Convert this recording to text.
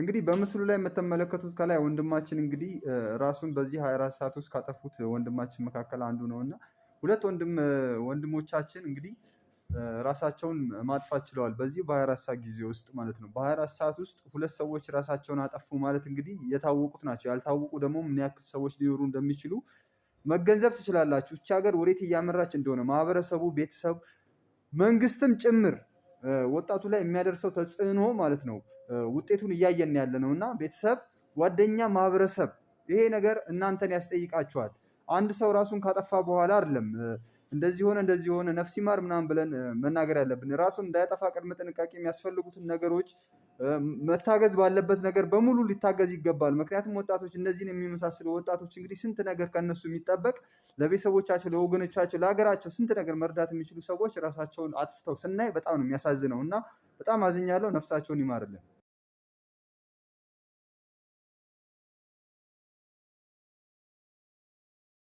እንግዲህ በምስሉ ላይ የምትመለከቱት ከላይ ወንድማችን እንግዲህ ራሱን በዚህ 24 ሰዓት ውስጥ ካጠፉት ወንድማችን መካከል አንዱ ነው እና ሁለት ወንድም ወንድሞቻችን እንግዲህ ራሳቸውን ማጥፋት ችለዋል። በዚህ በ24 ሰዓት ጊዜ ውስጥ ማለት ነው። በ24 ሰዓት ውስጥ ሁለት ሰዎች ራሳቸውን አጠፉ ማለት እንግዲህ የታወቁት ናቸው። ያልታወቁ ደግሞ ምን ያክል ሰዎች ሊኖሩ እንደሚችሉ መገንዘብ ትችላላችሁ። እቺ ሀገር ወዴት እያመራች እንደሆነ ማህበረሰቡ፣ ቤተሰብ፣ መንግስትም ጭምር ወጣቱ ላይ የሚያደርሰው ተጽዕኖ ማለት ነው ውጤቱን እያየን ያለ ነው እና ቤተሰብ፣ ጓደኛ፣ ማህበረሰብ ይሄ ነገር እናንተን ያስጠይቃችኋል። አንድ ሰው ራሱን ካጠፋ በኋላ አይደለም እንደዚህ ሆነ እንደዚህ ሆነ ነፍሲ ማር ምናምን ብለን መናገር ያለብን ራሱን እንዳያጠፋ ቅድመ ጥንቃቄ የሚያስፈልጉትን ነገሮች መታገዝ ባለበት ነገር በሙሉ ሊታገዝ ይገባል። ምክንያቱም ወጣቶች እነዚህን የሚመሳስሉ ወጣቶች እንግዲህ ስንት ነገር ከነሱ የሚጠበቅ ለቤተሰቦቻቸው፣ ለወገኖቻቸው፣ ለሀገራቸው ስንት ነገር መርዳት የሚችሉ ሰዎች ራሳቸውን አጥፍተው ስናይ በጣም ነው የሚያሳዝነው እና በጣም አዝኛለሁ። ነፍሳቸውን ይማርልን።